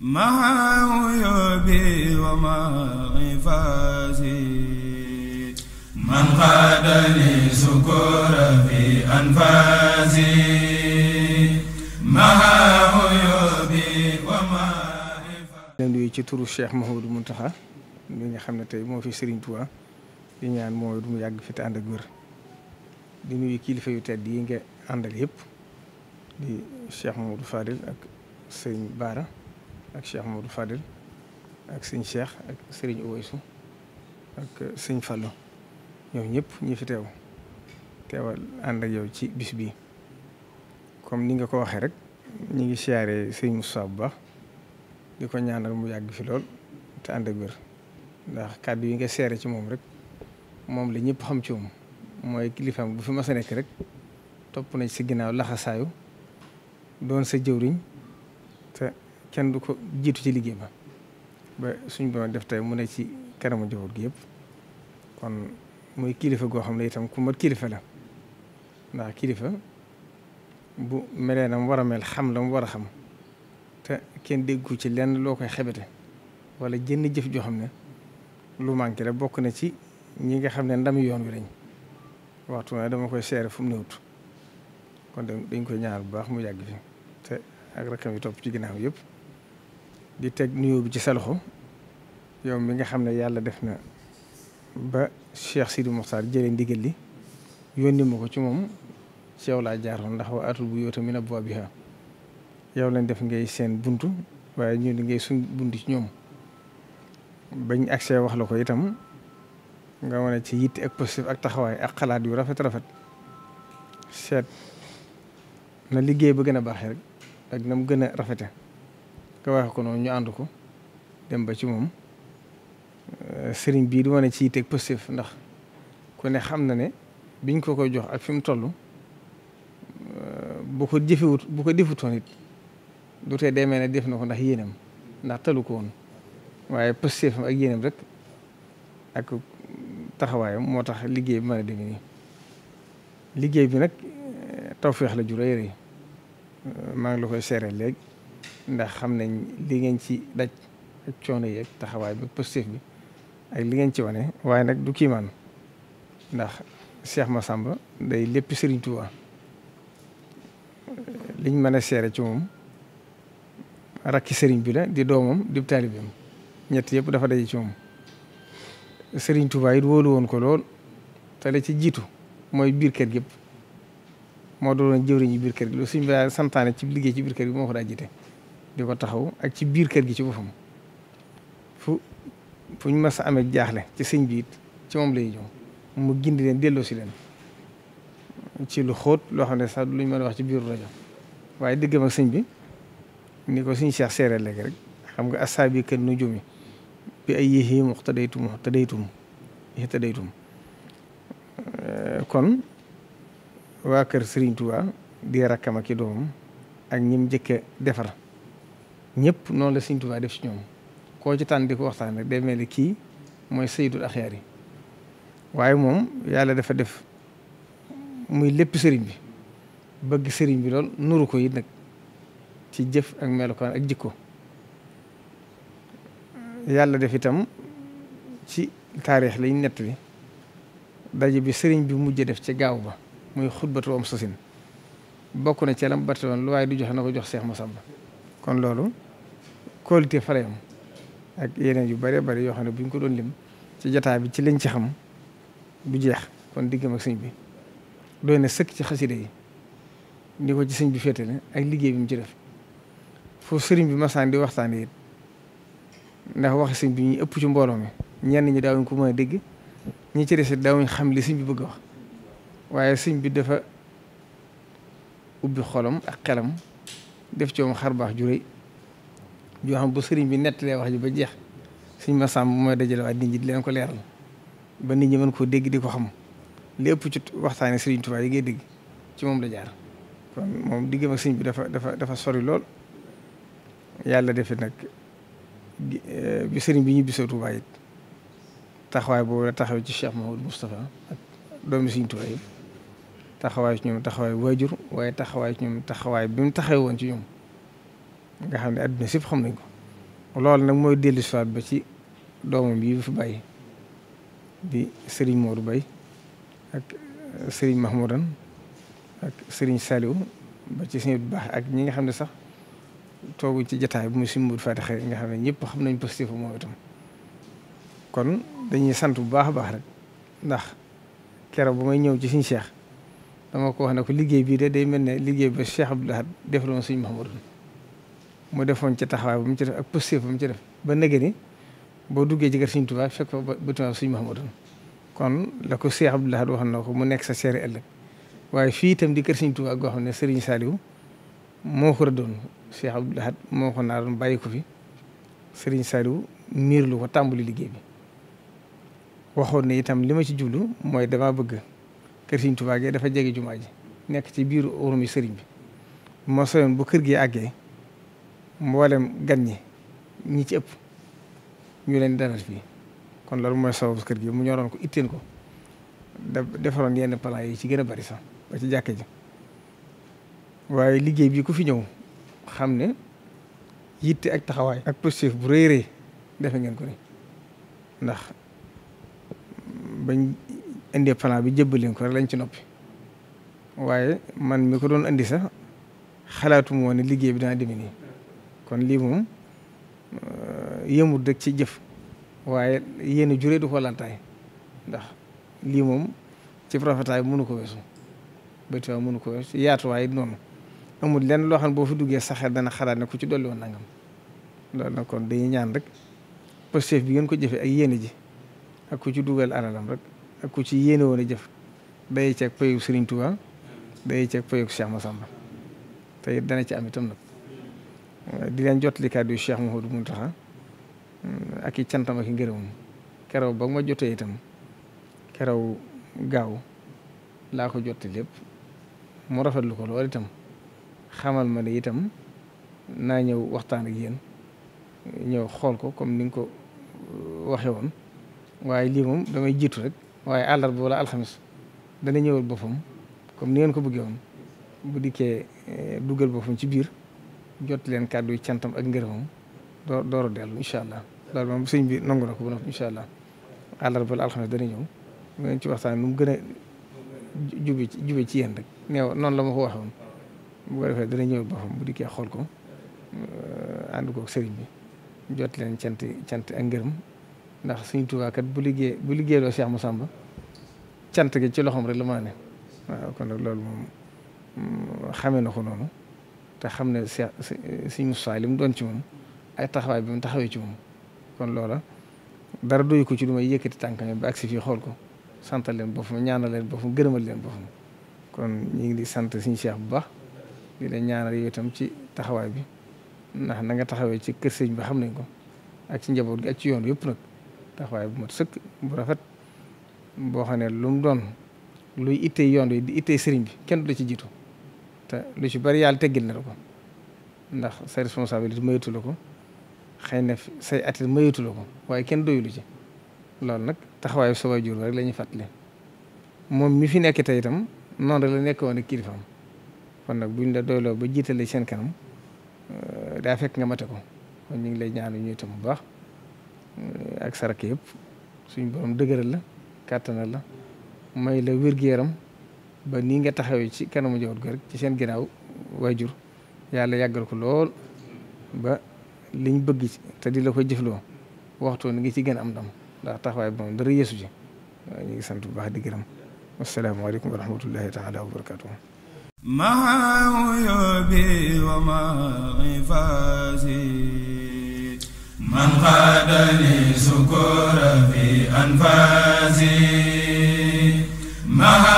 مع عيوبي ومع عفاسي من قادني سكور في أنفاسي مع عيوبي ومع عفاسي nuyu ci turu Cheikh Mouhamadou Mountakha mi nga xam ne tey moo fi Serigne Touba di ñaan mooy du mu yàgg fi te ak wér di nuyu kilifa yu tedd yi nga àndal yëpp di Cheikh Mouhamadou Fadil ak Serigne Bara ak Cheikh Modou Fadil ak sëñ Cheikh ak sëriñ Uwaysu ak sëñ Fallou ñoom ñëpp ñi fi teew teewal ànd ak yow ci bis bi comme ni nga ko waxee rek ñu ngi siyaaree sëñ Moussa bu baax di ko ñaanal mu yàgg fi lool te ànd ak wér ndax kàddu yi nga seere ci moom rek moom la ñëpp xam ci mooy kilifaam bu fi mas a nekk rek topp nañ si ginnaaw laxasaayu doon sa jëwriñ kenn du ko jiitu ci liggéey ba ba suñ def tey mu ne ci kanamu njaboot gi yëpp kon muy kilifa goo xam ne itam ku mat kilifa la ndax kilifa bu melee na war a mel xam la mu war a xam te kenn déggu ci lenn loo koy xebete wala jënn jëf joo xam ne lu manqué la bokk na ci ñi nga xam ne ndam yoon wi lañ waxtu na dama koy seere fu mu néewut kon dañ koy ñaar bu baax mu yàgg fi te ak rakam yi topp ci ginnaaw yëpp di teg nuyoo bi ci sa loxo yow mi nga xam ne yàlla def na ba Cheikh Sidi Mokhtar jëlee ndigal li yónni ma ko ci moom ci yow laa jaaroon ndax wa atul bu yoota min abwaabiha yow lañ def ngay seen buntu waaye ñu di ngay suñ buntu ci ñoom bañ accès wax la ko itam nga wane ci yitte ak positif ak taxawaay ak xalaat yu rafet rafet seet na liggéey ba gën a baaxee rek ak na mu gën a rafete nga ko noonu ñu ànd ko dem ba ci moom euh, sëriñ bii di wane ci teg positif ndax kon ne xam na ne biñ ko koy jox ak fi mu toll euh, bu ko jëfewut bu ko defutoon it du tee demee ne def na ko ndax yéenam ndax talu ko woon waaye positifam ak yéenam rek ak taxawaayam moo tax liggéey bi mën a demee nii liggéey bi nag euh, tawféex la ju rëy rëy maa ngi la koy seeree léegi. ndax xam nañ li ngeen ci daj ak coono yeeg taxawaay bi positif bi ak li ngeen ci wane waaye nag du kiimaan ndax ma Massamba day lépp Serigne Touba liñ mën a seere ci moom rakki sëriñ bi la di doomam di taalibeem ñett yëpp dafa daje ci moom Serigne Touba it wóolu woon ko lool te la ci jiitu mooy biir kër gépp moo doon jëwriñ biir kër gi loolu suñ bi daa santaane ci liggéey ci biir kër gi moo ko daa jiite di ko taxaw ak ci biir kër gi ci boppam fu fu ñu mas a amee jaaxle ci sëñ bi it ci moom lay ñëw mu gindi leen delloo si leen ci lu xóot loo xam ne sax lu ñu mën a wax ci biiru rajo waaye diggam ak sëñ bi ni ko suñu Cheikh seere léegi rek xam nga asaabi kër nu jumi bi ay yéexi mux tadaytum tadaytum yéex tadaytum kon waa kër Serigne Touba di rakkam ak i doomam njëkk defar ñëpp noonu la Serigne def ci ñoom koo ci tànn di ko waxtaan rek day mel ni kii mooy Seydul Axyaar yi waaye moom yàlla dafa def muy lépp sëriñ bi bëgg sëriñ bi lool nuru ko it ci jëf ak melokaan ak jikko yàlla def itam ci taarix lañ nett bi daje bi sëriñ bi mujj def ci gaaw ba muy xutbatu am sosin bokk na ci lam barte lu waaye di joxe na ko jox Cheikh Massamba kon loolu qualité fa am ak yeneen yu bëree bëri yoo xam ne bu ñu ko doon lim ci jataa bi ci liñ ci xam bu jeex kon diggam ak sëñ bi doy na sëkk ci xasida yi ni ko ci sëñ bi féetale ak liggéey bi mu ci def foofu sëriñ bi masaan di waxtaan it ndax wax sëñ bi ñu ëpp ci mbooloo mi ñenn ñi daawuñ ko mën a dégg ñu ci des it daawuñ xam li sëñ bi bëgg a wax waaye sëñ bi dafa ubbi xolam ak xelam def ci moom xar baax ju rëy joo bu sëriñ bi nett lay wax ji ba jeex sëñ ma sàmm mooy dajale waat nit ñi di leen ko leeral ba nit ñi mën koo dégg di ko xam lépp ci waxtaane sëriñ Tuubaa yi ngay dégg ci moom la jaar kon moom diggam ak sëñ bi dafa dafa dafa sori lool yàlla defe nag eh, bi sëriñ bi ñu bisoo Tuubaa it taxawaay boobu la taxaw ci Cheikh Mahamadou Moustapha ak doomi sëriñ Tuubaa taxawaay ci ñoom taxawaay waajur waaye taxawaay ci ñoom taxawaay bi mu taxawee woon ci ñoom nga xam ne adduna sépp xam nañ ko loolu nag mooy dellu soit ba ci doomam yi bu fi bàyyi di sëriñ Modou Baye ak sëriñ Mahmoudan ak sëriñ Saliou ba ci suñu baax ak ñi nga xam ne sax tooguñ ci jataay bu mu si Modou Fatick nga xam ne ñëpp xam nañ positif moom itam kon dañuy sant bu baax a baax rek ndax keroog ba may ñëw ci suñu Cheikh dama ko wax na ko liggéey bii de day mel ne liggéey ba Cheikh Abdoul Ahad def la woon sëñ Mouhamadou mu defoon ci taxawaay ba mu ci def ak posture ba mu ci def ba nëgë boo duggee ci kër sëñ Tuubaa fekk fa ba tubaab sëñ Mouhamadou kon la ko Cheikh Abdoul Ahad wax na ko mu nekk sa seeri ëllëg waaye fii itam di kër sëñ Tuubaa goo xam ne Serigne Saliou moo ko rëddoon Cheikh Abdoul Ahad na ko naaroon bàyyi ko fi Serigne Saliou miir lu ko tàmbali liggéey bi waxoon ne itam li ma ci jublu mooy damaa bëgg. kër Sëriñ Tuubaa gi dafa jege jumaa ji nekk ci biiru ormi sëriñ bi moo bu kër gi àggee mboolem gan ñi ñi ci ëpp ñu leen dalal fii kon loolu mooy sababu kër gi mu ñoroon ko itteen ko da defaroon yenn plan yi ci gën a bari sax ba ci jàkke ji waaye liggéey bi ku fi ñëw xam ne yitte ak taxawaay ak positif bu rëy rëy defe ngeen ko ndax indee plan bi jébbaleen ko rek lañ ci noppi waaye man mi ko doon indi sax xalaatum moo ne liggéey bi dana demee nii kon lii moom euh, yëmut rek ci jëf waaye yéen juree du ko lantaay ndax lii moom ci bi mënu ko weesu bëti waaw mënu ko weesu waaye noonu amul leen loo boo fu duggee saxee dana xalaat ne ko ci dolli woon nangam loolu nag kon dañuy ñaan rek postef bi ngeen ko jëfee ak yéene ji ak ku ci dugal alalam rek ak ku ci yéene woon a jëf day ceeg payu Serigne Touba day ceeg payu Cheikh Massamba te it dana ci am tam nag di leen jotali kàddu Cheikh Mouhamadou Mountakha mm, ak i cantam ak i ngërëmam keroog ma jotee itam keroog gaaw laa ko jotti lépp mu rafetlu ko lool itam xamal ma ne itam naa ñëw waxtaan ak yéen ñëw xool ko comme ni ko uh, waxe woon waaye lii moom damay jiitu rek waaye àllarba wala alxamis dana ñëwal boppam comme ni ngeen ko bëggee woon bu dikkee eh, dugal boppam ci biir jot leen kàddu yi cantam ak ngërëmam doo door a dellu incha allah loolu moom sëñ bi nangu na ko ba noppi allah àllarba wala alxamis dana ñëw mu ngeen ci waxtaan nu mu gën a jube ci jube ci yéen rek neew noonu la ko waxoon bu ko defee dana ñëwal boppam bu dikkee xool ko eh, ànd koog sëriñ bi jot leen cant cant ak ngërëm ndax Sëriñ Tuubaa kat bu liggéey bu liggéeyloo Cheikh Massamba cant gi ci loxoom rek la ma kon nag loolu moom mm, xamee na ko noonu te xam ne Cheikh Sëriñ Moustapha li mu doon ci moom ay taxawaay bi mu taxawee ci moom kon loola dara doyu ko ci du may yëkkati tànkam ba agsi fii xool ko santal leen boppam ñaanal leen boppam gërëmal leen boppam kon ñu ngi di sant Sëriñ Cheikh bu baax ñaana leen ñaanal yow itam ci taxawaay bi ndax na nga taxawee ci kër sëñ bi xam nañ ko ak ci njaboot gi ak ci yoon yëpp nag taxawaay bu mat sëkk bu rafet boo xam ne lu mu doon luy ittee yoon wi di ittee sëriñ bi kenn du ci jiitu te lu ci bari yàlla teggil na la ko ndax sa responsabilité mayatu ko xëy na say atit mayatu ko waaye kenn doyulu ci loolu nag taxawaayu sa waajur rek lañuy ñuy fàttali moom mi fi nekke tey itam noonu rek la nekk woon ak kon nag buñ la doyloo ba jiitale seen kanam euh, daa fekk nga mate ko kon lay ñaanu ñuy itam bu baax Euh, ak saraka yëpp suñ borom dëgëral la kàttanal la may la wér yaram ba ni nga taxawee ci kanamu njaboot ga rek ci seen ginnaaw waajur yàlla yàggal ko lool ba liñ bëgg ci te di la ko jëfloo waxtu ni ngi ci gën am ndam ndax taxawaay bi moom dara yeesu ji waaw ñu ngi sant bu baax di gërëm wasalaamaaleykum wa rahmatullahi taala wa barakatuhu maa uyubi wa maa ifaasi man xaadali sukura fi anfasi